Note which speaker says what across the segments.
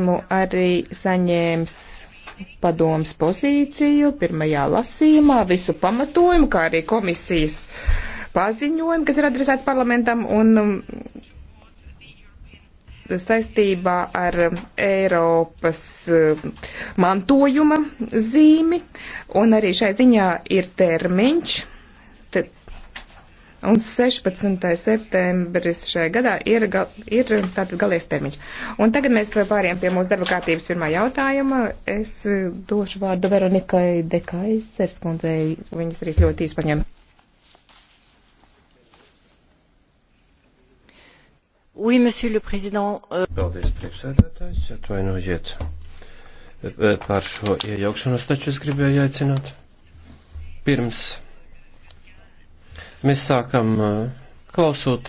Speaker 1: esmu arī saņēmis padomas pozīciju pirmajā lasījumā, visu pamatojumu, kā arī komisijas paziņojumu, kas ir adresēts parlamentam un um, saistībā ar um, Eiropas um, mantojuma zīmi. Un arī šai ziņā ir termiņš Un 16. septembris šajā gadā ir, gal, ir tātad galies termiņš. Un tagad mēs pāriem pie mūsu darba kārtības pirmā jautājuma. Es došu vārdu Veronikai Dekaisers kundzei. Viņas arī ļoti īspaņem.
Speaker 2: Oui, monsieur le président. Euh, Paldies, priekšsēdētājs, atvainojiet par šo iejaukšanos, taču es gribēju aicināt pirms Mēs sākam eh,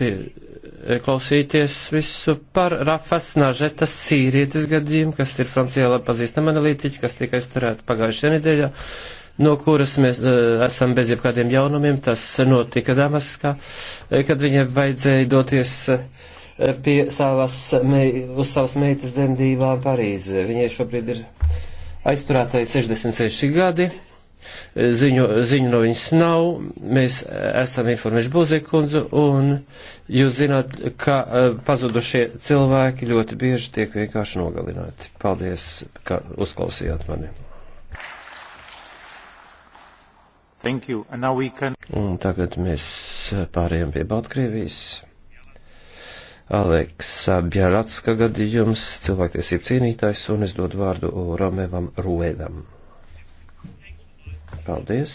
Speaker 2: eh, klausīties visu par Rafas Nažetas sīrietis gadījumu, kas ir Francijā labi pazīstama analītiķa, kas tika aizturēta pagājušajā nedēļā, no kuras mēs uh, esam bez jebkādiem jaunumiem. Tas notika Damaskā, kad viņai vajadzēja doties. Uh, pie savas, mei, uz savas meitas dzemdībām Parīzē. Viņai šobrīd ir aizturētai 66 gadi ziņu, ziņu no viņas nav. Mēs eh, esam informējuši Buzikundzu, un jūs zināt, ka eh, pazudušie cilvēki ļoti bieži tiek vienkārši nogalināti. Paldies, ka uzklausījāt mani. Thank you. And now we can... Un tagad mēs pārējām pie Baltkrievijas. Aleksa Bjaratska gadījums, cilvēktiesību cīnītājs, un es dodu vārdu Romevam Ruedam. Paldies!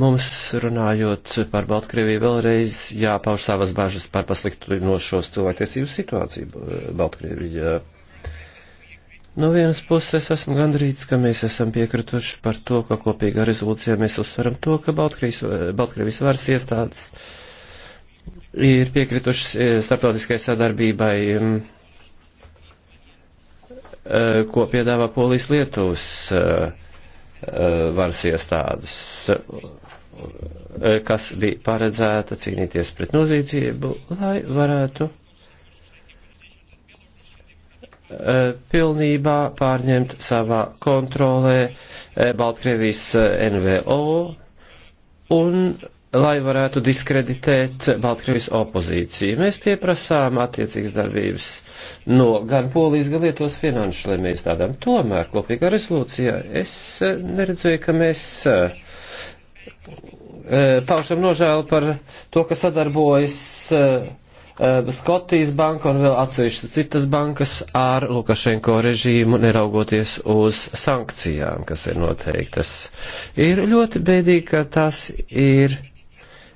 Speaker 2: Mums runājot par Baltkrieviju vēlreiz jāpauž savas bažas par pasliktinošos cilvēktiesību situāciju Baltkrievijā. No vienas puses esmu gandrīz, ka mēs esam piekrituši par to, ka kopīgā rezolūcijā mēs uzsveram to, ka Baltkrievis, Baltkrievis varas iestādes ir piekritušas eh, starptautiskai sadarbībai mm, Eh, ko piedāvā Polijas Lietuvas eh, eh, varas iestādes, kas bija paredzēta cīnīties pret nozīdzību, lai varētu pilnībā pārņemt savā kontrolē Baltkrievijas NVO un lai varētu diskreditēt Baltkrievis opozīciju. Mēs pieprasām attiecīgas darbības no gan Polijas, gan Lietuvas finanšu, lai mēs tādām tomēr kopīgā rezolūcijā. Es neredzēju, ka mēs eh, eh, paušam nožēlu par to, ka sadarbojas eh, Skotijas banka un vēl atsevišķas citas bankas ar Lukašenko režīmu, neraugoties uz sankcijām, kas ir noteiktas. Ir ļoti bēdīgi, ka tas ir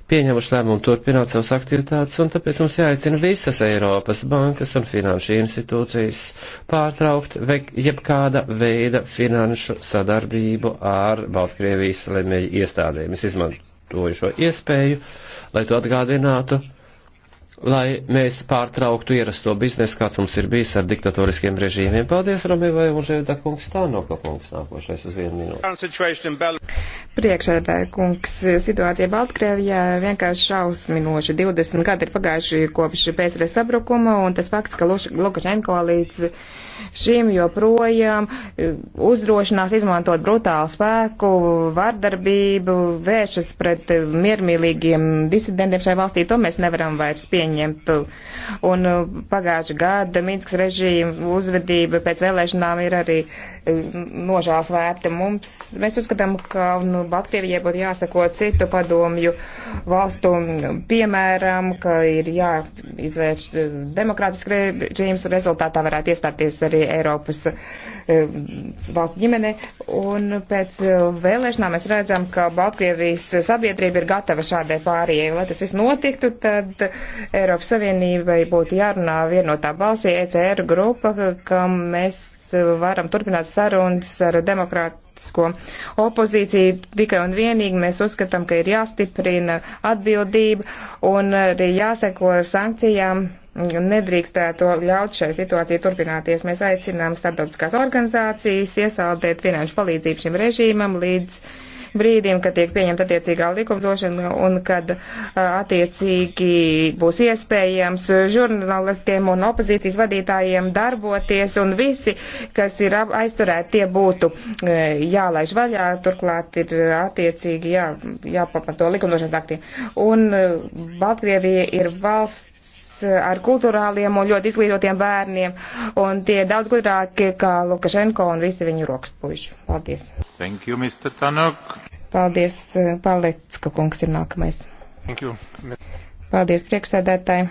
Speaker 2: pieņemuši lēmumu turpināt savas aktivitātes, un tāpēc mums jāaicina visas Eiropas bankas un finanšu institūcijas pārtraukt jebkāda veida finanšu sadarbību ar Baltkrievijas lemēju iestādēm. Es izmantoju šo iespēju, lai to atgādinātu lai mēs pārtrauktu ierasto biznesu, kāds mums ir bijis ar diktatoriskiem režīmiem. Paldies, Romivai un Žēda kungs, tā nokapunks nākošais uz vienu minūti.
Speaker 1: Priekšēdē kungs, situācija Baltkrievijā vienkārši šausminoši. 20 gadi ir pagājuši kopš PSR sabrukuma un tas fakts, ka Lukašenko līdz šim joprojām e, uzdrošinās izmantot brutālu spēku, vardarbību, vēršas pret miermīlīgiem disidentiem šai valstī, to mēs nevaram vairs pieņemt pieņemt. Un uh, pagājuši gada Minskas režīma uzvedība pēc vēlēšanām ir arī uh, nožēlsvērta. Mums, mēs uzskatām, ka nu, Baltkrievijai būtu jāsako citu padomju valstu piemēram, ka ir jāizvērš uh, demokrātisks režīms, rezultātā varētu iestāties arī Eiropas valstu ģimene. Un pēc vēlēšanām mēs redzam, ka Baltkrievijas sabiedrība ir gatava šādai pārējai. Lai tas viss notiktu, tad Eiropas Savienībai būtu jārunā vienotā balsī ECR grupa, kam mēs varam turpināt sarunas ar demokrātisko opozīciju. Tikai un vienīgi mēs uzskatām, ka ir jāstiprina atbildība un arī jāseko sankcijām. Nedrīkstētu ļaut šai situācijai turpināties. Mēs aicinām starptautiskās organizācijas iesaldēt finanšu palīdzību šim režīmam līdz brīdim, kad tiek pieņemta attiecīgā likumdošana un kad uh, attiecīgi būs iespējams žurnālistiem un opozīcijas vadītājiem darboties un visi, kas ir aizturēti, tie būtu uh, jālaiž vaļā, turklāt ir uh, attiecīgi jā, jāpamato likumdošanas aktiem. Un Baltkrievija ir valsts ar kultūrāliem un ļoti izglītotiem bērniem, un tie daudz gudrāki kā Lukašenko un visi viņu rokaspuļši.
Speaker 2: Paldies. Thank you, Mr. Tanok.
Speaker 1: Paldies, eh, Palecka kungs ir nākamais. Thank you. Paldies, priekšsēdētāji.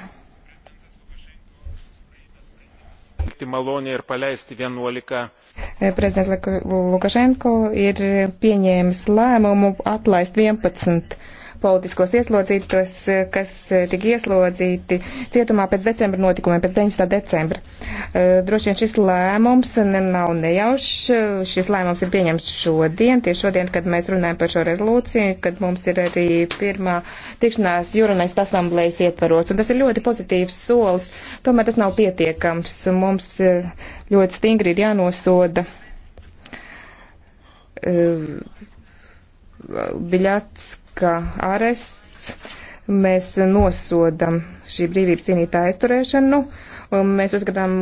Speaker 1: Eh, Prezidents Lukašenko ir pieņēmis lēmumu atlaist 11 politiskos ieslodzītos, eh, kas eh, tika ieslodzīti cietumā pēc decembra notikumiem, pēc 19. decembra. Eh, droši vien šis lēmums nav nejaušs. Šis lēmums ir pieņemts šodien, tieši šodien, kad mēs runājam par šo rezolūciju, kad mums ir arī pirmā tikšanās jūranais asamblējas ietvaros. Un tas ir ļoti pozitīvs solis, tomēr tas nav pietiekams. Mums ļoti stingri ir jānosoda Biļats notika arests, mēs nosodam šī brīvības cīnītāja aizturēšanu. Un mēs uzskatām,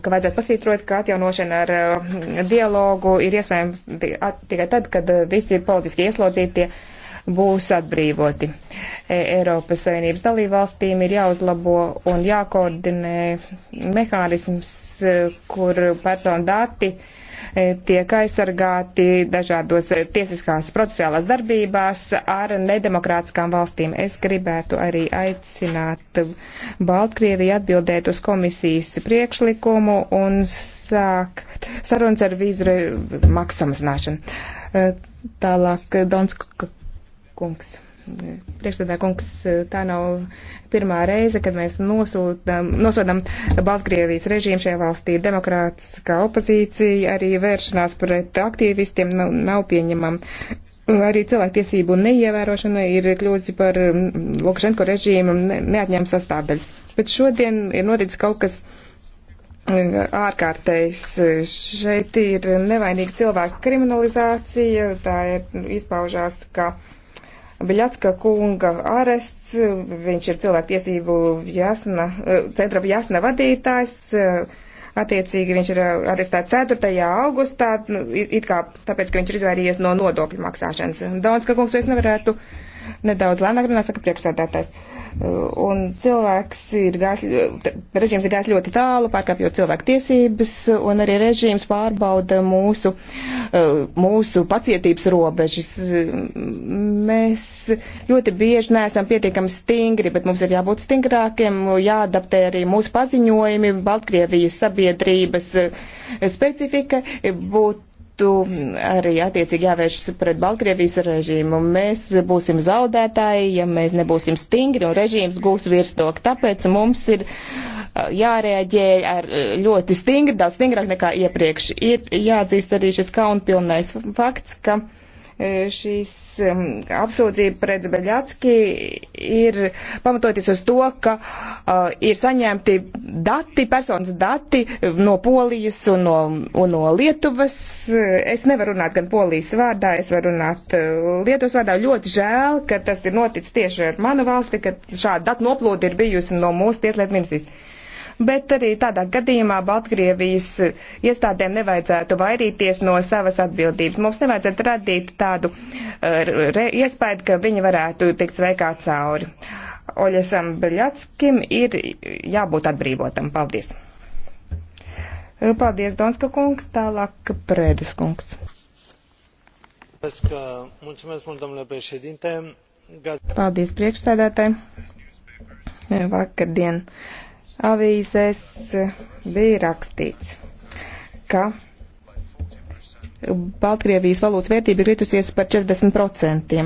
Speaker 1: ka vajadzētu pasvītrot, ka atjaunošana ar uh, dialogu ir iespējams tikai tad, kad uh, visi politiski ieslodzītie būs atbrīvoti. E, Eiropas Savienības dalībvalstīm ir jāuzlabo un jākoordinē mehānisms, uh, kur personu dati uh, E, tiek aizsargāti dažādos e, tiesiskās procesuālās darbībās ar nedemokrātiskām valstīm. Es gribētu arī aicināt Baltkrieviju atbildēt uz komisijas priekšlikumu un sākt sarunas ar vīzu maksu samazināšanu. E, tālāk Donska kungs. Priekšstādā kungs, tā nav pirmā reize, kad mēs nosūtam, nosodam Baltkrievijas režīmu šajā valstī. Demokrātiskā opozīcija arī vēršanās pret aktīvistiem nav, nav pieņemama. Arī cilvēktiesību neievērošana ir kļūsi par mm, Lukašenko režīmu neatņem sastāvdaļu. Bet šodien ir noticis kaut kas mm, ārkārtējs. Šeit ir nevainīga cilvēka kriminalizācija, tā ir izpaužās, ka. Kā Biļatska kunga arests, viņš ir cilvēktiesību jasna, centra jasna vadītājs, attiecīgi viņš ir arestēts 4. augustā, nu, it kā tāpēc, ka viņš ir izvairījies no nodokļu maksāšanas. Daudz, ka kungs vairs nevarētu nedaudz lēnāk runāt, saka priekšsēdētājs un cilvēks ir gājis, režīms ir gājis ļoti tālu, pārkāpjot cilvēku tiesības, un arī režīms pārbauda mūsu, e, mūsu pacietības robežas. Mēs ļoti bieži neesam pietiekami stingri, bet mums ir jābūt stingrākiem, jāadaptē arī mūsu paziņojumi, Baltkrievijas sabiedrības e, specifika, būt būtu arī attiecīgi jāvēršas pret Baltkrievijas režīmu. Mēs būsim zaudētāji, ja mēs nebūsim stingri un režīms gūs virsroku. Tāpēc mums ir jārēģē ar ļoti stingri, daudz stingrāk nekā iepriekš. Ir jāatzīst arī šis kaunpilnais fakts, ka E, šīs um, apsūdzība pret Beļatski ir pamatoties uz to, ka uh, ir saņemti dati, personas dati no Polijas un no, un no Lietuvas. Es nevaru runāt gan Polijas vārdā, es varu runāt uh, Lietuvas vārdā. Ļoti žēl, ka tas ir noticis tieši ar manu valsti, ka šāda datu noplūda ir bijusi no mūsu tieslietu ministrijas bet arī tādā gadījumā Baltkrievijas iestādēm nevajadzētu vairīties no savas atbildības. Mums nevajadzētu radīt tādu uh, iespēju, ka viņi varētu tikt sveikā cauri. Oļesam Beļatskim ir jābūt atbrīvotam. Paldies! Eh, paldies, Donska kungs, tālāk Prēdes kungs.
Speaker 2: Mulțumesc eh, mult, domnule președinte. Paldies
Speaker 1: priekšsēdētāji. Vakardien avīzēs eh, bija rakstīts, ka Baltkrievijas valūtas vērtība ir kritusies par 40%.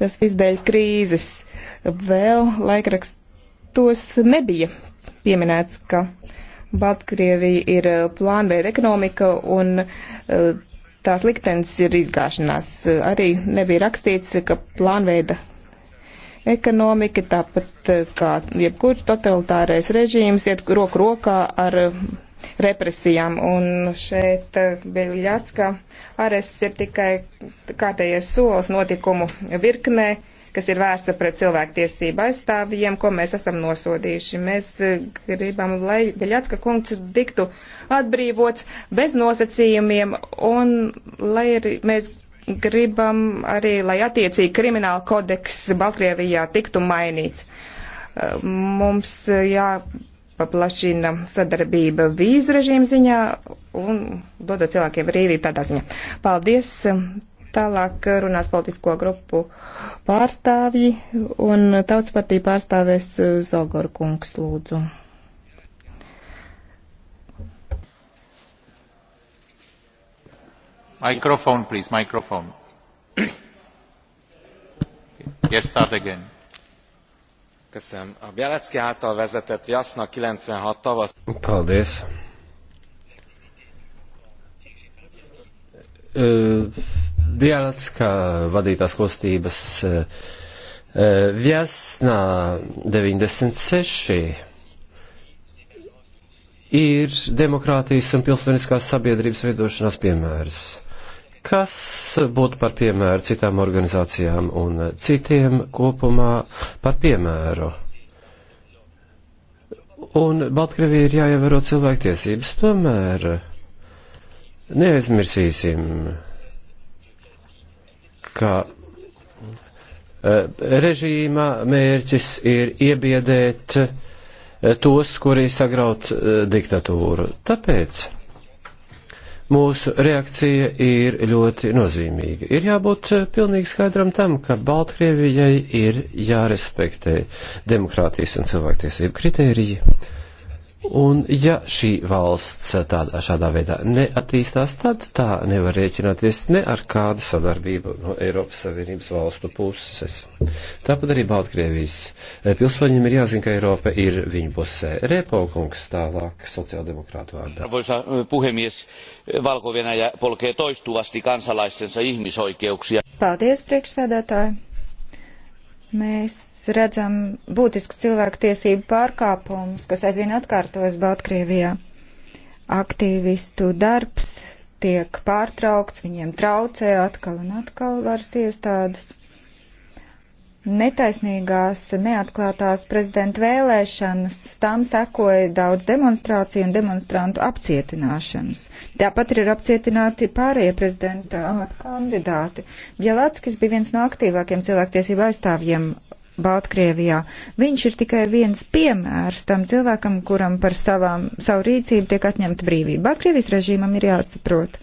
Speaker 1: Tas viss dēļ krīzes. Vēl laikrakstos nebija pieminēts, ka Baltkrievija ir eh, plānveida ekonomika un eh, tās liktenis ir izgāšanās. Arī nebija rakstīts, ka plānveida ekonomika, tāpat eh, kā jebkurš totalitārais režīms, iet roku rokā ar eh, represijām. Un šeit eh, bija ļāts, ka arests ir tikai kārtējies solis notikumu virknē, kas ir vērsta pret cilvēktiesību aizstāvjiem, ko mēs esam nosodījuši. Mēs gribam, lai Beļatska kungs tiktu atbrīvots bez nosacījumiem, un lai arī mēs gribam arī, lai attiecīgi krimināla kodeks Baltkrievijā tiktu mainīts. Mums jāpaplašina sadarbība vīzu režīmu ziņā un dodot cilvēkiem brīvību tādā ziņā. Paldies! Tālāk runās politisko grupu pārstāvji un tautspartija pārstāvēs Zogoru kungs lūdzu.
Speaker 2: Microphone, please. Microphone. Yes, start again. Köszönöm. A Bielecki által vezetett Jasna 96 tavasz... Paldies. Bielecka vadītās kustības Viesnā 96 ir demokrātijas un pilsoniskās sabiedrības veidošanās piemērs kas būtu par piemēru citām organizācijām un citiem kopumā par piemēru. Un Baltkrievija ir jāievēro cilvēktiesības, tomēr neaizmirsīsim, ka e, režīma mērķis ir iebiedēt e, tos, kuri sagraut e, diktatūru. Tāpēc mūsu reakcija ir ļoti nozīmīga. Ir jābūt eh, pilnīgi skaidram tam, ka Baltkrievijai ir jārespektē demokrātijas un cilvēktiesību kritērija Un ja šī valsts tādā, šādā veidā neattīstās, tad tā nevar rēķināties ne ar kādu sadarbību no Eiropas Savienības valstu puses. Tāpat arī Baltkrievijas eh, pilsoņiem ir jāzina, ka Eiropa ir viņu pusē. Repaukungs tālāk sociāldemokrātu vārdā. Arvoisa eh, puhemies, Valko-Venäjä polkee toistuvasti kansalaistensa ihmisoikeuksia.
Speaker 3: Paldies, priekšsēdētāji. Mēs redzam būtiskus cilvēktiesību pārkāpumus, kas aizvien atkārtojas Baltkrievijā. Aktīvistu darbs tiek pārtraukts, viņiem traucē atkal un atkal varas iestādes. Netaisnīgās, neatklātās prezidenta vēlēšanas, tam sekoja daudz demonstrāciju un demonstrantu apcietināšanas. Tāpat ir apcietināti pārējie prezidenta amata kandidāti. Bielatskis bija viens no aktīvākiem cilvēktiesību aizstāvjiem Baltkrievijā. Viņš ir tikai viens piemērs tam cilvēkam, kuram par savām, savu rīcību tiek atņemta brīvība. Baltkrievijas režīmam ir jāsaprot,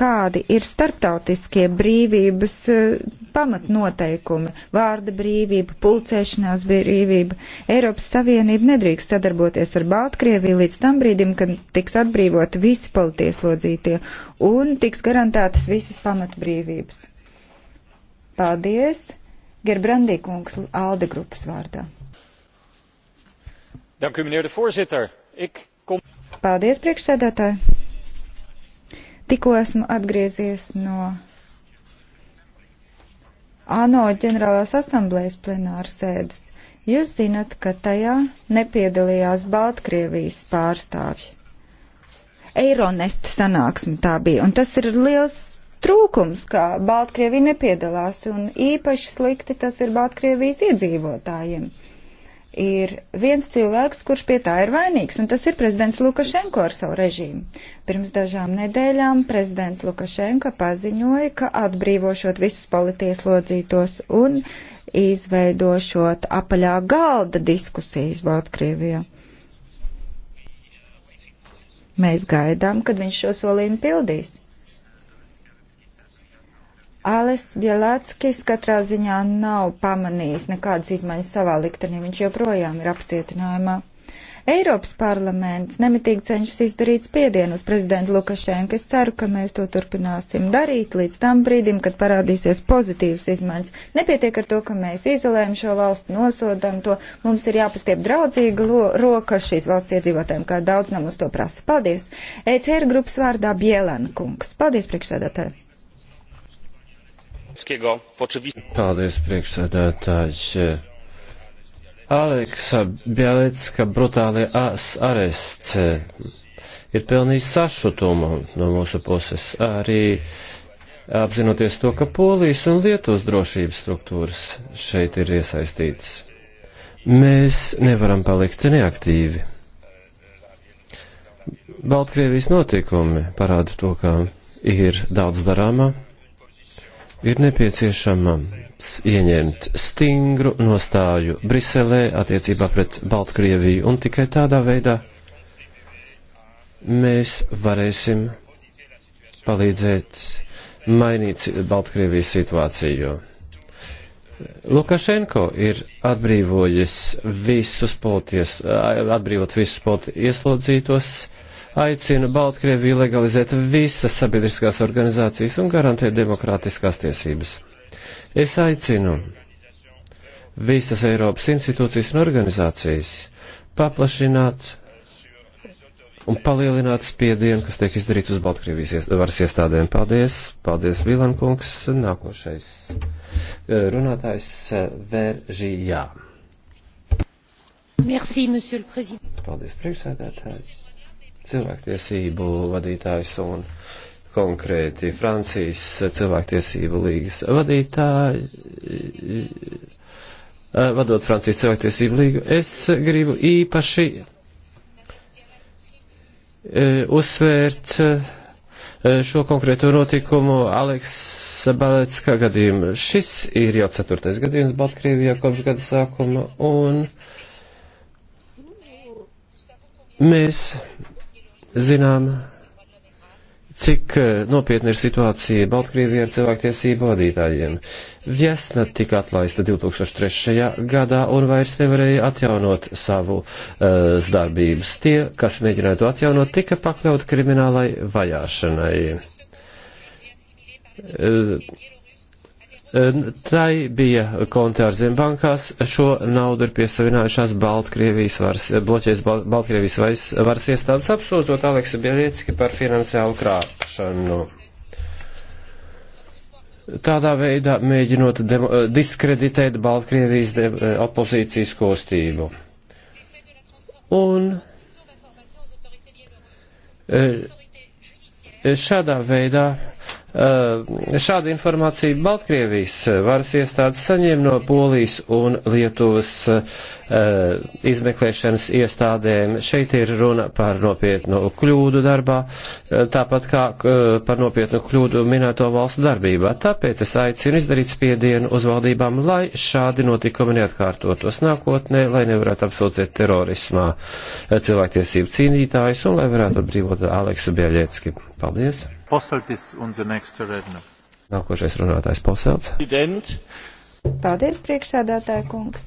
Speaker 3: kādi ir starptautiskie brīvības eh, pamatnoteikumi - vārda brīvība, pulcēšanās brīvība. Eiropas Savienība nedrīkst sadarboties ar Baltkrieviju līdz tam brīdim, kad tiks atbrīvoti visi politieslodzītie un tiks garantētas visas pamatbrīvības. Paldies! Gerbrandī kungs Alde grupas vārdā.
Speaker 2: Dank u, meneer de voorzitter. Ik kom...
Speaker 3: Paldies, priekšsēdētāji. Tikko esmu atgriezies no ANO ģenerālās asamblējas plenāras sēdes. Jūs zinat, ka tajā nepiedalījās Baltkrievijas pārstāvji. Eironesta sanāksme tā bija, un tas ir liels trūkums, ka Baltkrievija nepiedalās, un īpaši slikti tas ir Baltkrievijas iedzīvotājiem. Ir viens cilvēks, kurš pie tā ir vainīgs, un tas ir prezidents Lukašenko ar savu režīmu. Pirms dažām nedēļām prezidents Lukašenko paziņoja, ka atbrīvošot visus politieslodzītos un izveidošot apaļā galda diskusijas Baltkrievijā. Mēs gaidām, kad viņš šo solījumu pildīs. Alis Bielackis katrā ziņā nav pamanījis nekādas izmaiņas savā liktenī, viņš joprojām ir apcietinājumā. Eiropas parlaments nemitīgi cenšas izdarīt spiedienu uz prezidentu Lukašenku. Es ceru, ka mēs to turpināsim darīt līdz tam brīdim, kad parādīsies pozitīvas izmaiņas. Nepietiek ar to, ka mēs izolējam šo valstu, nosodam to. Mums ir jāpastiep draudzīga roka šīs valsts iedzīvotājiem, kā daudz no mums to prasa. Paldies! ECR grupas vārdā Bielan kungs. Paldies, priekšsēdētāji!
Speaker 2: Kocierbskiego w oczywistym... Paldies, priekšsēdētāji. Aleksa Bialecka brutāli arests ir pelnījis sašutumu no mūsu puses. Arī apzinoties to, ka Polijas un Lietuvas drošības struktūras šeit ir iesaistītas. Mēs nevaram palikt neaktīvi. Baltkrievijas notikumi parāda to, ka ir daudz darāmā, ir nepieciešams ieņemt stingru nostāju Briselē attiecībā pret Baltkrieviju, un tikai tādā veidā mēs varēsim palīdzēt mainīt Baltkrievijas situāciju. Lukašenko ir atbrīvojis visus polities, atbrīvot visus politieslodzītos, ieslodzītos, aicina Baltkrieviju legalizēt visas sabiedriskās organizācijas un garantēt demokrātiskās tiesības. Es aicinu visas Eiropas institūcijas un organizācijas paplašināt un palielināt spiedienu, kas tiek izdarīts uz Baltkrievijas varas iestādēm. Paldies, paldies, Vilankungs. Nākošais eh, runātājs eh, Veržijā. Merci, monsieur le président. Paldies, priekšsēdētājs cilvēktiesību vadītājs un konkrēti Francijas cilvēktiesību līgas vadītāji, vadot Francijas cilvēktiesību līgu, es gribu īpaši e, uzsvērt e, šo konkrēto notikumu Aleksa Balecka gadījumu. Šis ir jau ceturtais gadījums Baltkrievijā kopš gada sākuma, un mēs zinām, cik eh, nopietna ir situācija Baltkrievijā ar cilvēktiesību vadītājiem. Viesna tika atlaista 2003. gadā un vairs nevarēja atjaunot savu uh, eh, darbības. Tie, kas mēģināja to atjaunot, tika pakļaut kriminālai vajāšanai. Uh, Tai bija konti ārzembankās, šo naudu ir piesavinājušās Baltkrievijas varas, bloķējas Baltkrievijas varas, varas iestādes apsūdzot Aleksu Bieliecki par finansiālu krāpšanu. Tādā veidā mēģinot demo, diskreditēt Baltkrievijas de, opozīcijas kostību. Un e, šādā veidā Eh, šādu informāciju Baltkrievijas eh, varas iestādes saņēma no Polijas un Lietuvas eh, izmeklēšanas iestādēm. Šeit ir runa par nopietnu kļūdu darbā, tāpat kā par nopietnu kļūdu minēto valstu darbībā. Tāpēc es aicinu izdarīt spiedienu uz valdībām, lai šādi notikumi neatkārtotos nākotnē, lai nevarētu apsūdzēt terorismā cilvēktiesību cīnītājus un lai varētu atbrīvot Aleksu Bieļiecki. Paldies. Poseltis un the next redner. Nākošais runātājs Poselts. Ident.
Speaker 3: Paldies, priekšsēdētāja kungs.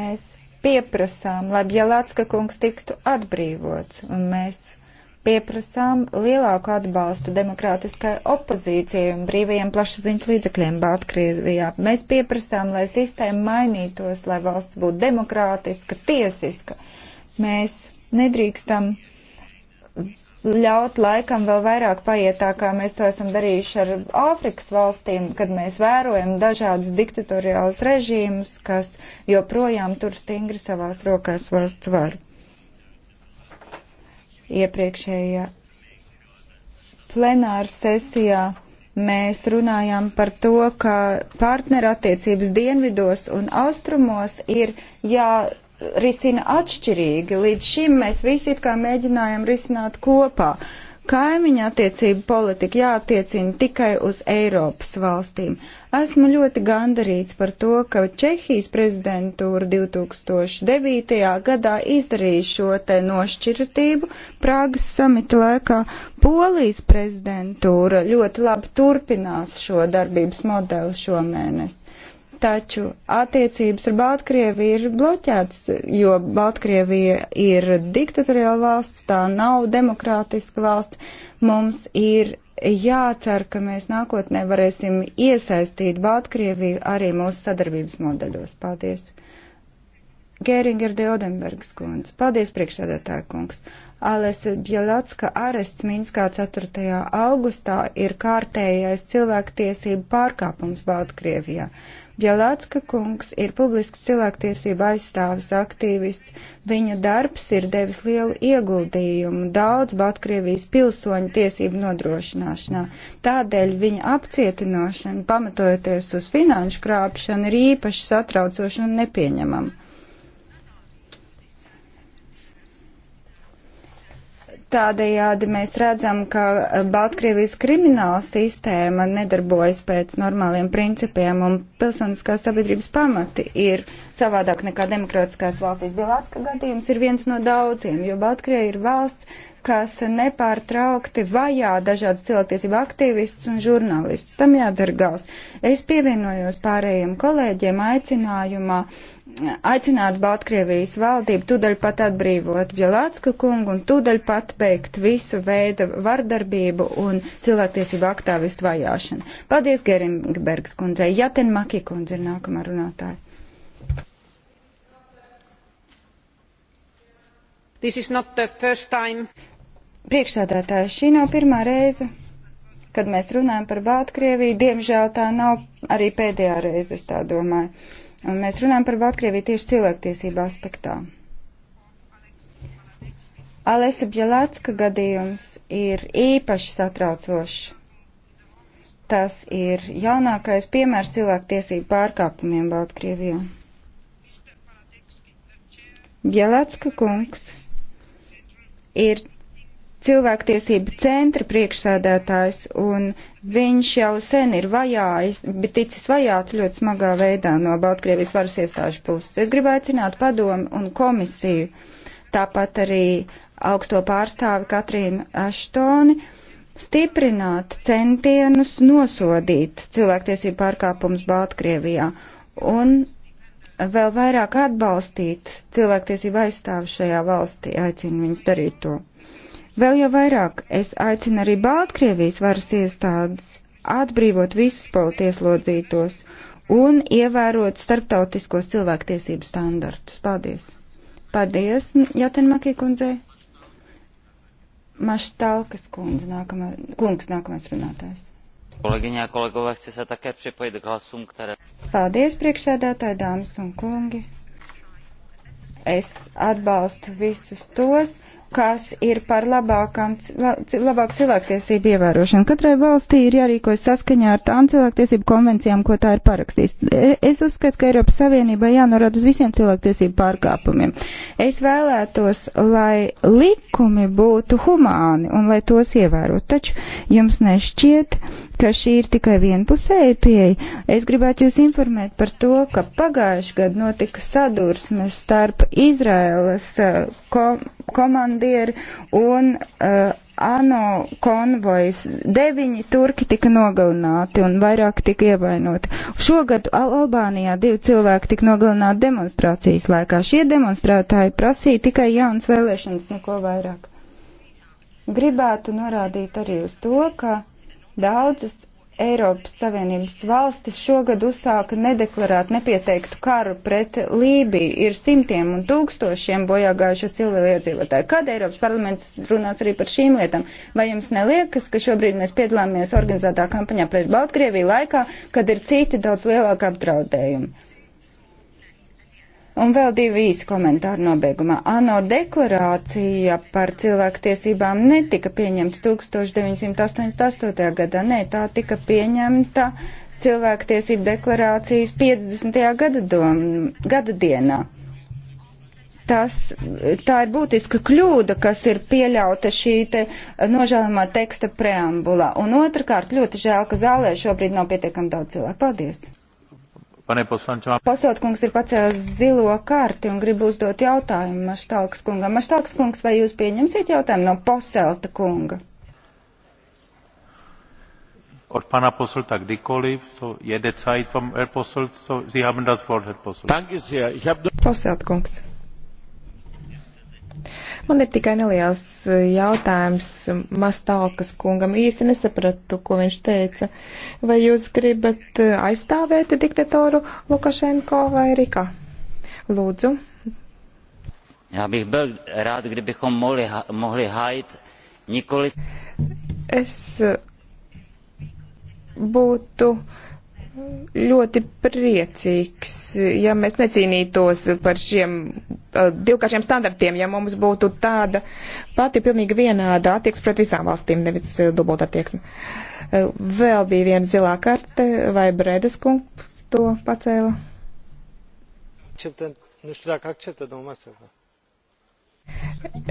Speaker 3: Mēs pieprasām, lai Bjelācka kungs tiktu atbrīvots, un mēs pieprasām lielāku atbalstu demokrātiskai opozīcijai un brīvajiem plašsaziņas līdzekļiem Baltkrievijā. Mēs pieprasām, lai sistēma mainītos, lai valsts būtu demokrātiska, tiesiska. Mēs nedrīkstam ļaut laikam vēl vairāk paiet tā, kā mēs to esam darījuši ar Āfrikas valstīm, kad mēs vērojam dažādus diktatoriālus režīmus, kas joprojām tur stingri savās rokās valsts varu. Iepriekšējā plenāra sesijā mēs runājām par to, ka partnerattiecības dienvidos un austrumos ir jā. Ja risina atšķirīgi. Līdz šim mēs visu it kā mēģinājām risināt kopā. Kaimiņa attiecība politika jātiecina tikai uz Eiropas valstīm. Esmu ļoti gandarīts par to, ka Čehijas prezidentūra 2009. gadā izdarīja šo te nošķirtību Prāgas samita laikā. Polijas prezidentūra ļoti labi turpinās šo darbības modeli šomēnes. Taču attiecības ar Baltkrieviju ir bloķētas, jo Baltkrievija ir diktatoriāla valsts, tā nav demokrātiska valsts. Mums ir jācer, ka mēs nākotnē varēsim iesaistīt Baltkrieviju arī mūsu sadarbības modeļos. Paldies! Gēringer de Odenbergs kundze. Paldies, priekšsēdētāja kungs. Ales Bjelatska arests Minskā 4. augustā ir kārtējais cilvēktiesību pārkāpums Baltkrievijā. Bjelācka kungs ir publisks cilvēktiesība aizstāvis aktīvists. Viņa darbs ir devis lielu ieguldījumu daudz Baltkrievijas pilsoņu tiesību nodrošināšanā. Tādēļ viņa apcietinošana, pamatojoties uz finanšu krāpšanu, ir īpaši satraucoša un nepieņemama. Tādējādi mēs redzam, ka Baltkrievijas krimināla sistēma nedarbojas pēc normāliem principiem un pilsoniskās sabiedrības pamati ir savādāk nekā demokrātiskās valstīs. Bielācka gadījums ir viens no daudziem, jo Baltkrievija ir valsts, kas nepārtraukti vajā dažādus cilvēktiesību aktīvistus un žurnālistus. Tam jādara gals. Es pievienojos pārējiem kolēģiem aicinājumā aicināt Baltkrievijas valdību tūdaļ pat atbrīvot Bjelācka kungu un tūdaļ pat beigt visu veidu vardarbību un cilvēktiesību aktāvistu vajāšanu. Paldies Gerimbergs kundzei. Jaten Maki kundze ir nākamā runātāja. Priekšsādātāja, šī nav pirmā reize, kad mēs runājam par Baltkrieviju. Diemžēl tā nav arī pēdējā reize, es tā domāju. Un mēs runājam par Baltkrieviju tieši cilvēktiesību aspektā. Alesa Bjelācka gadījums ir īpaši satraucošs. Tas ir jaunākais piemērs cilvēktiesību pārkāpumiem Baltkrievijā. Bjelācka kungs ir cilvēktiesība centra priekšsēdētājs, un viņš jau sen ir vajājis, bet ticis vajāts ļoti smagā veidā no Baltkrievijas varas iestāžu puses. Es gribu aicināt padomu un komisiju, tāpat arī augsto pārstāvi Katrīnu Aštoni, stiprināt centienus nosodīt cilvēktiesību pārkāpumus Baltkrievijā un vēl vairāk atbalstīt cilvēktiesību aizstāvu šajā valstī, aicinu viņus darīt to. Vēl jau vairāk es aicinu arī Baltkrievijas varas iestādes atbrīvot visus politieslodzītos un ievērot starptautiskos cilvēktiesību standartus. Paldies! Paldies, Jātenmakī kundzei! Maštalkas kundze, nākamā, kungs, nākamais runātājs.
Speaker 2: Kolēģiņā, kolegovē, es esmu také připojit k hlasům, které...
Speaker 3: Paldies, priekšsēdētāji, dāmas un kungi! Es atbalstu visus tos, kas ir par labākam, labāku cilvēktiesību ievērošanu. Katrai valstī ir jārīkojas saskaņā ar tām cilvēktiesību konvencijām, ko tā ir parakstījis. E, es uzskatu, ka Eiropas Savienībai jānorāda uz visiem cilvēktiesību pārkāpumiem. Es vēlētos, lai likumi būtu humāni un lai tos ievērotu, taču jums nešķiet, ka šī ir tikai vienpusēja pieeja. Es gribētu jūs informēt par to, ka pagājuši gadu notika sadursmes starp Izraēlas uh, ko komandieru un uh, ANO konvojas deviņi turki tika nogalināti un vairāk tika ievainoti. Šogad Al Albānijā divi cilvēki tika nogalināti demonstrācijas laikā. Šie demonstrētāji prasīja tikai jaunas vēlēšanas, neko vairāk. Gribētu norādīt arī uz to, ka Daudzas Eiropas Savienības valstis šogad uzsāka nedeklarēt nepieteiktu karu pret Lībiju. Ir simtiem un tūkstošiem bojāgājušo cilvēciedzīvotāju. Kad Eiropas parlaments runās arī par šīm lietām? Vai jums neliekas, ka šobrīd mēs piedalāmies organizētā kampaņā pret Baltkrieviju laikā, kad ir citi daudz lielāki apdraudējumi? Un vēl divi īsi komentāri nobeigumā. ANO deklarācija par cilvēktiesībām netika pieņemta 1988. gadā, nē, tā tika pieņemta cilvēktiesību deklarācijas 50. Gada, dom, gada dienā. Tas, tā ir būtiska kļūda, kas ir pieļauta šī te nožēlamā teksta preambulā. Un otrkārt, ļoti žēl, ka zālē šobrīd nav pietiekami daudz cilvēku. Paldies!
Speaker 1: Posot
Speaker 3: kungs ir pacēlis zilo karti un grib uzdot jautājumu Maštalkas kungam. Maštalkas kungs, vai jūs pieņemsiet jautājumu no Poselta kunga?
Speaker 2: Od pana Poselta kdykoliv, so jede Zeit vom Herr Poselt, so Sie haben das Wort, Herr Poselt. Danke sehr. Ich habe...
Speaker 1: Poselt kungs. Man ir tikai neliels eh, jautājums Mastalkas kungam. Īsti nesapratu, ko viņš teica. Vai jūs gribat eh, aizstāvēt diktatoru Lukašenko vai Rika? Lūdzu.
Speaker 2: Já bych byl rád, kdybychom mohli, mohli hájit nikoli. Es eh,
Speaker 1: būtu ļoti priecīgs, ja mēs necīnītos par šiem uh, divkāršiem standartiem, ja mums būtu tāda pati pilnīgi vienāda attieksme pret visām valstīm, nevis uh, dubult attieksme. Uh, vēl bija viena zilā karte, vai Bredes kungs to pacēla?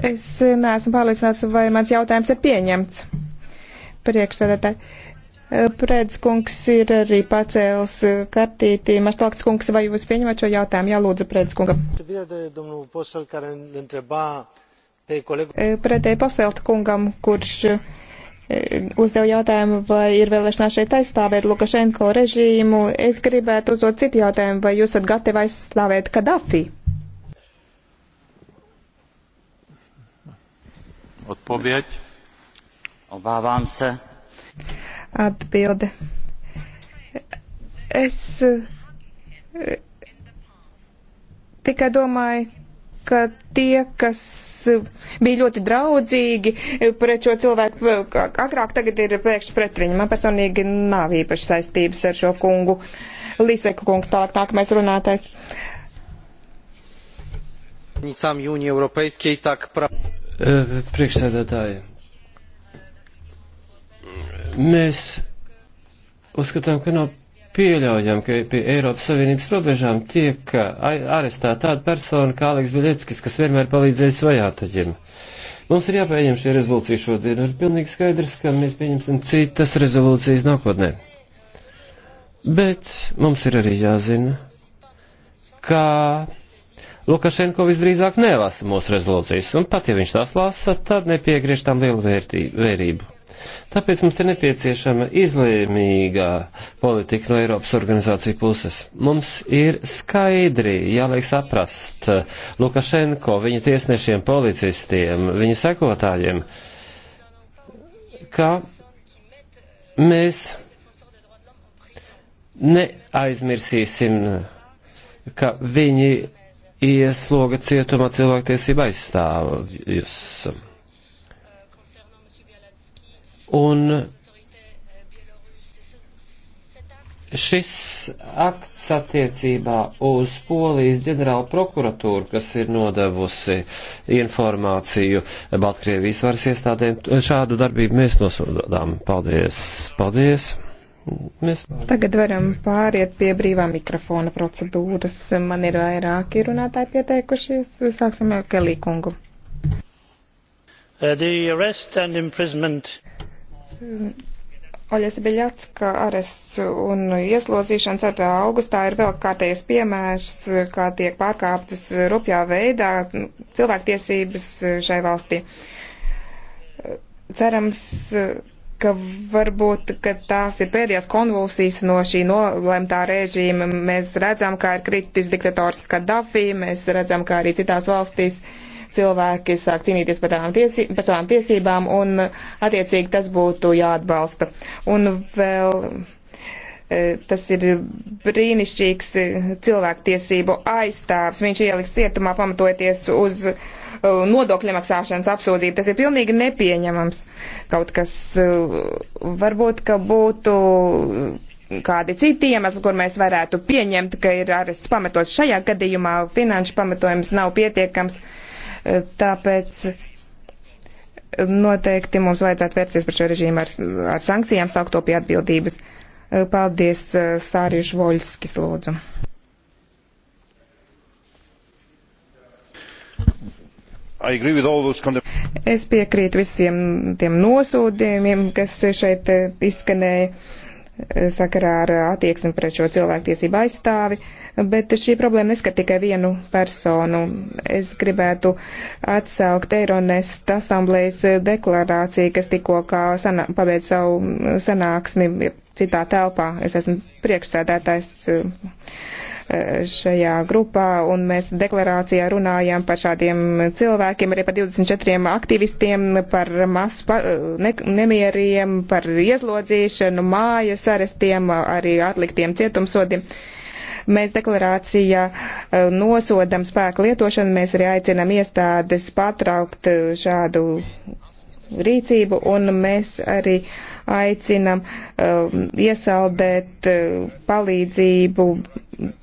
Speaker 1: Es neesmu pārliecināts, vai mans jautājums ir pieņemts. Priekšsēdētāji Eh, Prēdskungs ir arī pacēls eh, kartītī. Mastalks kungs, vai jūs pieņemat šo jautājumu? Jā, lūdzu, Prēdskungam.
Speaker 2: Eh,
Speaker 1: Pretēji paselta kungam, kurš uzdev jautājumu, vai ir vēlēšanās šeit aizstāvēt Lukašenko režīmu. Es gribētu uzdot citu jautājumu, vai jūs esat gatavi aizstāvēt Kadafi?
Speaker 2: Odpověď. Obávám se.
Speaker 1: Atbilde. Es eh, tikai domāju, ka tie, kas bija ļoti draudzīgi pret šo cilvēku, agrāk tagad ir pēkšņi pret viņu. Man personīgi nav īpaši saistības ar šo kungu. Līseku kungs tālāk nākamais runātais.
Speaker 2: Eh, priekšsēdētāji, Mēs uzskatām, ka nav pieļaujam, ka pie Eiropas Savienības robežām tiek arestēta tāda persona kā Aleks Biļeckis, kas vienmēr palīdzēja svajātaģiem. Mums ir jāpieņem šī rezolūcija šodien, ir pilnīgi skaidrs, ka mēs pieņemsim citas rezolūcijas nākotnē. Bet mums ir arī jāzina, ka Lukašenko visdrīzāk nelasa mūsu rezolūcijas, un pat ja viņš tās lasa, tad nepiegriež tam lielu vērtību, vērību. Tāpēc mums ir nepieciešama izlēmīgā politika no Eiropas organizāciju puses. Mums ir skaidri jāliek saprast eh, Lukašenko, viņa tiesnešiem, policistiem, viņa sekotājiem, ka mēs neaizmirsīsim, ka viņi iesloga cietumā cilvēktiesība aizstāvjus. Un šis akts attiecībā uz Polijas ģenerālu prokuratūru, kas ir nodevusi informāciju Baltkrievijas varas iestādēm, šādu darbību mēs nosodām. Paldies! Paldies! Mēs...
Speaker 1: Tagad varam pāriet pie brīvā mikrofona procedūras. Man ir vairāki runātāji pieteikušies. Sāksim ar Kelī kungu. Uh, Oļas Beļatska arests un ieslodzīšana 4. augustā ir vēl kārtējs piemērs, kā tiek pārkāptas rupjā veidā cilvēktiesības šai valstī. Cerams, ka varbūt, ka tās ir pēdējās konvulsijas no šī nolemtā režīma. Mēs redzam, kā ir kritis diktators Kadafi, mēs redzam, kā arī citās valstīs uh, cilvēki sāk cīnīties par, tiesi, par savām tiesībām, un attiecīgi tas būtu jāatbalsta. Un vēl e, tas ir brīnišķīgs e, cilvēktiesību aizstāvs. Viņš ieliks cietumā pamatojoties uz e, nodokļu maksāšanas apsūdzību. Tas ir pilnīgi nepieņemams. Kaut kas varbūt, ka būtu kādi citi iemesli, kur mēs varētu pieņemt, ka ir arests pamatots šajā gadījumā, finanšu pamatojums nav pietiekams. Uh, Tāpēc noteikti mums vajadzētu vērsties par šo režīmu ar, ar sankcijām, saukt to pie atbildības. Paldies, Sāriju Žvoļskis, lūdzu. Es piekrītu visiem tiem nosūdījumiem, kas šeit izskanēja sakarā ar attieksmi pret šo cilvēktiesību aizstāvi, bet šī problēma neskar tikai vienu personu. Es gribētu atsaukt Eironest asamblējas deklarāciju, kas tikko kā sanā, pabeidz savu sanāksmi citā telpā. Es esmu priekšsēdētājs eh, eh, šajā grupā, un mēs deklarācijā runājām par šādiem cilvēkiem, arī par 24 aktivistiem, par masu pa, ne, nemieriem, par ieslodzīšanu, mājas arestiem, arī atliktiem cietumsodiem mēs deklarācijā eh, nosodam spēku lietošanu, mēs arī aicinam iestādes patraukt šādu rīcību, un mēs arī uh, aicinam uh, iesaldēt uh, palīdzību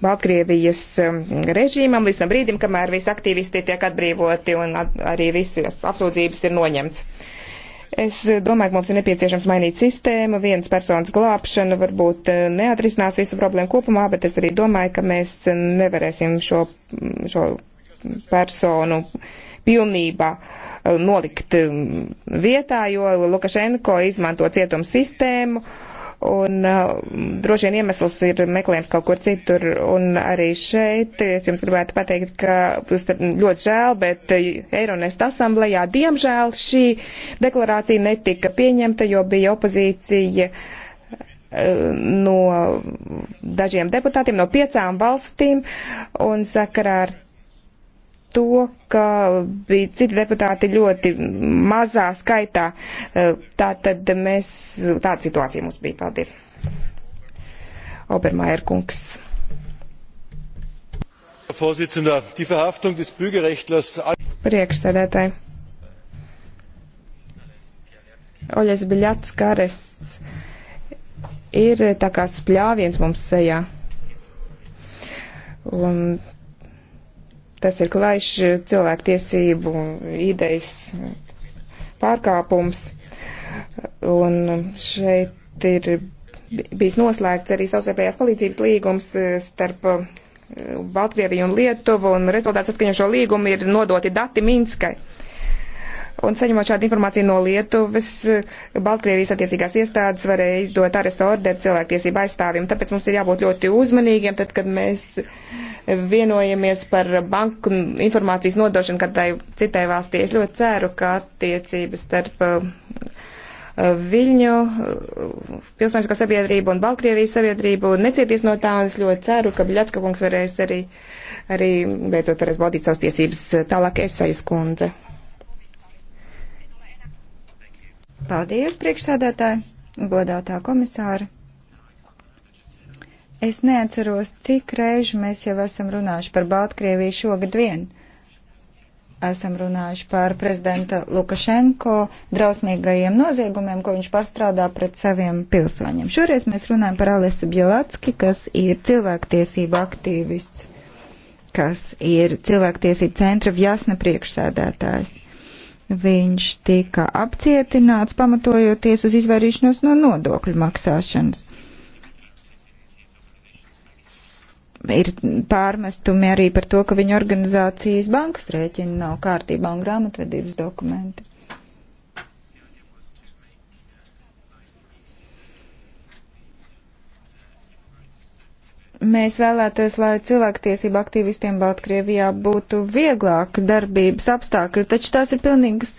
Speaker 1: Baltkrievijas um, režīmam līdz tam brīdim, kamēr visi aktīvisti tiek atbrīvoti un at arī visas apsūdzības ir noņemts. Es domāju, ka mums ir nepieciešams mainīt sistēmu. Viens personas glābšana varbūt uh, neatrisinās visu problēmu kopumā, bet es arī domāju, ka mēs nevarēsim šo, šo personu uh, pilnībā eh, nolikt um, vietā, jo Lukašenko izmanto cietums sistēmu. Un uh, droši vien iemesls ir meklējums kaut kur citur. Un arī šeit es jums gribētu pateikt, ka ļoti žēl, bet eh, Eironest asamblējā diemžēl šī deklarācija netika pieņemta, jo bija opozīcija no dažiem deputātiem no piecām valstīm un sakarā ar to, ka bija citi deputāti ļoti mazā skaitā. Eh, tā tad mēs, tāda situācija mums bija. Paldies. Obermaier kungs. Priekšsēdētāji. Oļas Biļats Karests ir tā kā spļāviens mums sejā. Un Tas ir klaišs cilvēktiesību idejas pārkāpums. Un šeit ir bijis noslēgts arī savstarpējās palīdzības līgums eh, starp eh, Baltkrieviju un Lietuvu, un rezultāts saskaņošo līgumu ir nodoti dati Minskai. Un saņemot šādu informāciju no Lietuvas, Baltkrievijas attiecīgās iestādes varēja izdot aresta orderu cilvēktiesību aizstāvjiem. Tāpēc mums ir jābūt ļoti uzmanīgiem, tad, kad mēs vienojamies par banku informācijas nodošanu kādai citai valstī. Es ļoti ceru, ka attiecības starp uh, Viļņu uh, pilsoniskā sabiedrība un Baltkrievijas sabiedrību necieties no tā, un es ļoti ceru, ka Biļatska kungs varēs arī, arī beidzot varēs baudīt savas tiesības tālāk esais kundze. Paldies, priekšsādātāji,
Speaker 3: godātā komisāra. Es neatceros, cik reižu mēs jau esam runājuši par Baltkrieviju šogad vien. Esam runājuši par prezidenta Lukašenko drausmīgajiem noziegumiem, ko viņš pārstrādā pret saviem pilsoņiem. Šoreiz mēs runājam par Alesu Bjelatski, kas ir cilvēktiesība aktīvists kas ir cilvēktiesību centra Vjasna priekšsēdētājs. Viņš tika apcietināts, pamatojoties uz izvairīšanos no nodokļu maksāšanas. Ir pārmestumi arī par to, ka viņa organizācijas bankas rēķina nav kārtībā un grāmatvedības dokumenti. Mēs vēlētos, lai cilvēktiesību aktīvistiem Baltkrievijā būtu vieglāk darbības apstākļi, taču tās ir pilnīgas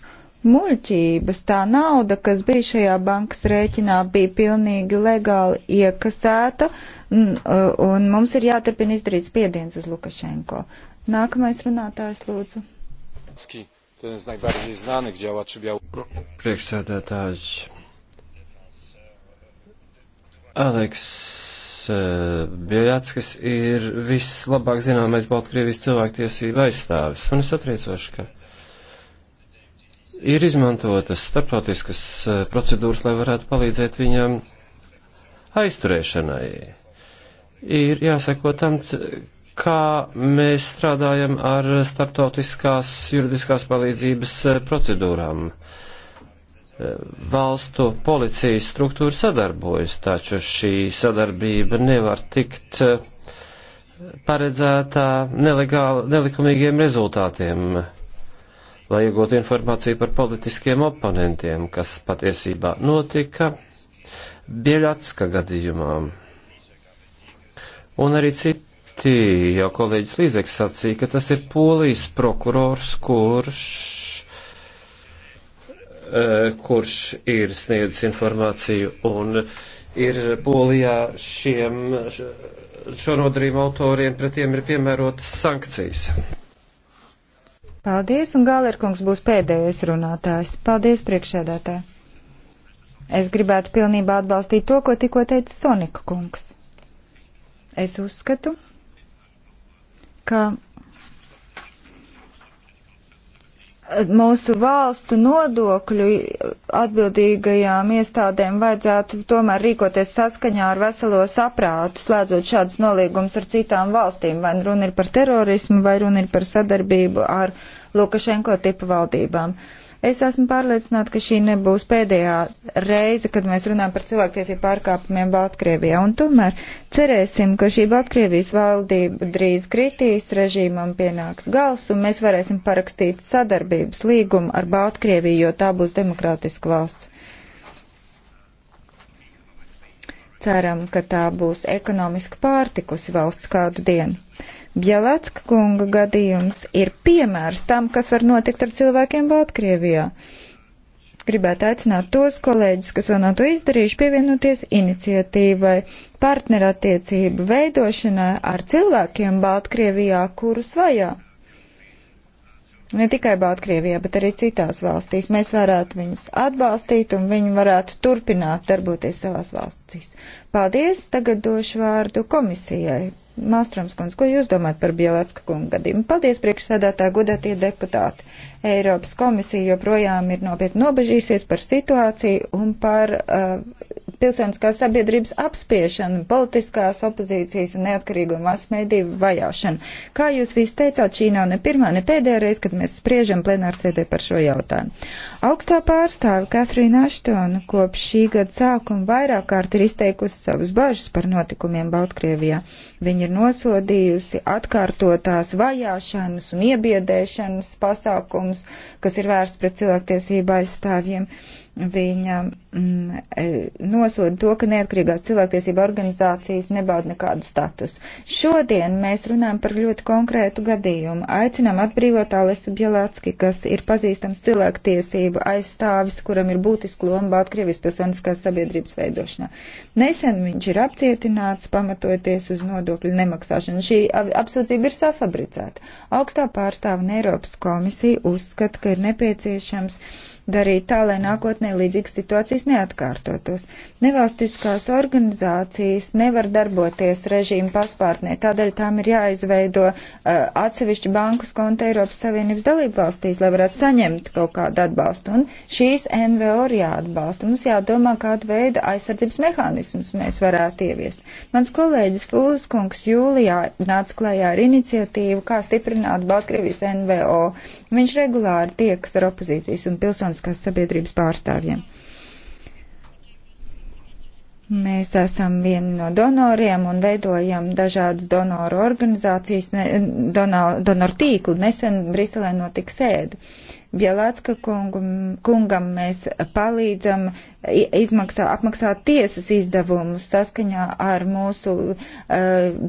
Speaker 3: muļķības. Tā nauda, kas bija šajā bankas rēķinā, bija pilnīgi legāli iekasēta, un, uh, un mums ir jāturpina izdarīt spiediens uz Lukašenko. Nākamais runātājs lūdzu.
Speaker 2: Priekšsēdētājs Aleks Eh, Bjoļatskis ir vislabāk zināmais Baltkrievijas cilvēktiesība aizstāvis, un es atriecošu, ka ir izmantotas starptautiskas eh, procedūras, lai varētu palīdzēt viņam aizturēšanai. Ir jāsako tam, kā mēs strādājam ar starptautiskās juridiskās palīdzības eh, procedūrām. Uh, valstu policijas struktūra sadarbojas, taču šī sadarbība nevar tikt eh, paredzētā nelegāli, nelikumīgiem rezultātiem, lai iegūtu informāciju par politiskiem oponentiem, kas patiesībā notika Bieļatska gadījumā. Un arī citi, jau kolēģis Līzeks sacīja, ka tas ir polijas prokurors, kurš Eh, kurš ir sniedzis informāciju un ir polijā šiem šo nodarījumu autoriem, pret tiem ir piemērotas sankcijas.
Speaker 3: Paldies, un Gālērkungs būs pēdējais runātājs. Paldies, priekšsēdētāji. Es gribētu pilnībā atbalstīt to, ko tikko teica Sonika kungs. Es uzskatu, ka mūsu valstu nodokļu atbildīgajām iestādēm vajadzētu tomēr rīkoties saskaņā ar veselo saprātu, slēdzot šādus nolīgumus ar citām valstīm, vai nu runa ir par terorismu, vai runa ir par sadarbību ar Lukašenko tipu valdībām. Uh, Es esmu pārliecināta, ka šī nebūs pēdējā reize, kad mēs runājam par cilvēktiesību pārkāpumiem Baltkrievijā. Un tomēr cerēsim, ka šī Baltkrievijas valdība drīz kritīs, režīmam pienāks gals un mēs varēsim parakstīt sadarbības līgumu ar Baltkrieviju, jo tā būs demokrātiska valsts. Ceram, ka tā būs ekonomiski pārtikusi valsts kādu dienu. Bjelatska kunga gadījums ir piemērs tam, kas var notikt ar cilvēkiem Baltkrievijā. Gribētu aicināt tos kolēģus, kas vēl nav to izdarījuši, pievienoties iniciatīvai partnerattiecību veidošanai ar cilvēkiem Baltkrievijā, kurus vajā. Ne tikai Baltkrievijā, bet arī citās valstīs. Mēs varētu viņus atbalstīt un viņi varētu turpināt darboties savās valstīs. Paldies! Tagad došu vārdu komisijai Māstrams kundze, ko jūs domājat par Bielācka kunga gadījumu? Paldies, priekšsēdētā godātie deputāti. Eiropas komisija joprojām ir nopietni nobežīsies par situāciju un par uh, pilsoniskās sabiedrības apspiešana, politiskās opozīcijas un neatkarīgu masu mēdīju vajāšana. Kā jūs visi teicāt, šī nav ne pirmā, ne pēdējā reize, kad mēs spriežam plenārsēdē par šo jautājumu. Augstā pārstāve Katrīna Aštona kopš šī gada sākuma vairāk kārt ir izteikusi savas bažas par notikumiem Baltkrievijā. Viņa ir nosodījusi atkārtotās vajāšanas un iebiedēšanas pasākums, kas ir vērsts pret cilvēktiesību aizstāvjiem. Uh, Viņa mm, e, nosoda to, ka neatkarīgās cilvēktiesība organizācijas nebauda nekādu statusu. Šodien mēs runājam par ļoti konkrētu gadījumu. Aicinām atbrīvot Alesu Bielatski, kas ir pazīstams cilvēktiesību aizstāvis, kuram ir būtiska loma Baltkrievijas pilsoniskās sabiedrības veidošanā. Nesen viņš ir apcietināts, pamatojoties uz nodokļu nemaksāšanu. Šī apsūdzība ir safabricēta. Augstā pārstāva un Eiropas komisija uzskata, ka ir nepieciešams darīt tā, lai nākotnē līdzīgas situācijas neatkārtotos. Nevalstiskās organizācijas nevar darboties režīmu paspārtnē, tādēļ tām ir jāizveido uh, atsevišķi bankas konta Eiropas Savienības dalību valstīs, lai varētu saņemt kaut kādu atbalstu. Un šīs NVO ir jāatbalsta. Mums jādomā, kāda veida aizsardzības mehānismus mēs varētu ieviest. Mans kolēģis Fūlis Kungs jūlijā nāca klajā ar iniciatīvu, kā stiprināt Baltkrievijas NVO. Viņš regulāri tiekas ar opozīcijas un pilsonības pilsoniskās sabiedrības pārstāvjiem. Mēs esam vieni no donoriem un veidojam dažādas donoru organizācijas, donoru donor tīklu. Nesen Briselē notika sēde. Bielatska kungu, kungam mēs palīdzam izmaksā, apmaksāt tiesas izdevumus saskaņā ar mūsu uh,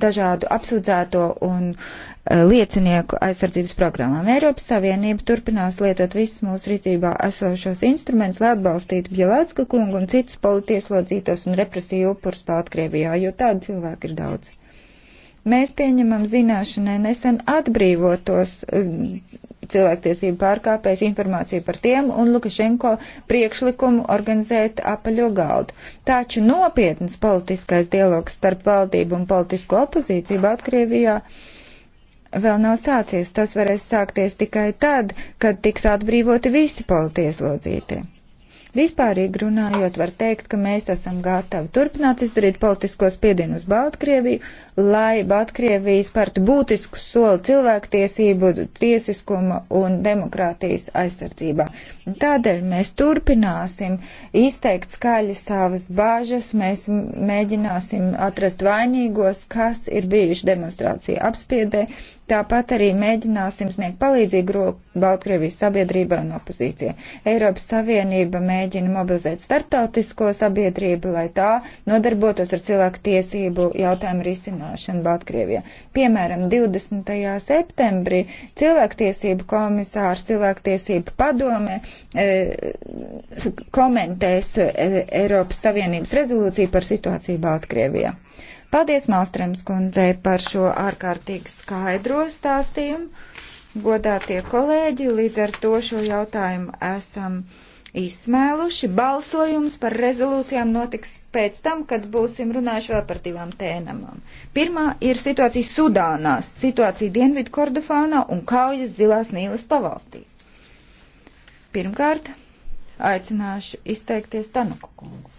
Speaker 3: dažādu apsūdzēto un uh, liecinieku aizsardzības programmām. Eiropas Savienība turpinās lietot visus mūsu rīcībā esošos instrumentus, lai atbalstītu Bielatska kungu un citus politieslodzītos un represiju upurus Baltkrievijā, jo tādu cilvēku ir daudz. Mēs pieņemam zināšanai nesen atbrīvotos um, cilvēktiesību pārkāpējs informāciju par tiem un Lukašenko priekšlikumu organizēt apaļo galdu. Taču nopietnas politiskais dialogs starp valdību un politisko opozīciju Baltkrievijā vēl nav sācies. Tas varēs sākties tikai tad, kad tiks atbrīvoti visi politieslodzītie. Vispārīgi runājot, var teikt, ka mēs esam gatavi turpināt izdarīt politisko spiedienu uz Baltkrieviju, lai Baltkrievija spērtu būtisku soli cilvēktiesību, tiesiskuma un demokrātijas aizsardzībā. Tādēļ mēs turpināsim izteikt skaļi savas bāžas, mēs mēģināsim atrast vainīgos, kas ir bijuši demonstrācija apspiedē, Tāpat arī mēģināsim sniegt palīdzību Baltkrievijas sabiedrībai un opozīcijai. Eiropas Savienība mēģina mobilizēt starptautisko sabiedrību, lai tā nodarbotos ar cilvēku tiesību jautājumu risināšanu Baltkrievijā. Piemēram, 20. septembrī cilvēktiesību komisārs cilvēktiesību padome e, komentēs e, Eiropas Savienības rezolūciju par situāciju Baltkrievijā. Paldies Malstrēms kundzei par šo ārkārtīgi skaidro stāstījumu. Godātie kolēģi, līdz ar to šo jautājumu esam izsmēluši. Balsojums par rezolūcijām notiks pēc tam, kad būsim runājuši vēl par divām tēmām. Pirmā ir situācija Sudānā, situācija Dienvidu Kordofānā un kaujas zilās nīlas pavalstīs. Pirmkārt, aicināšu izteikties Tanuku kungu.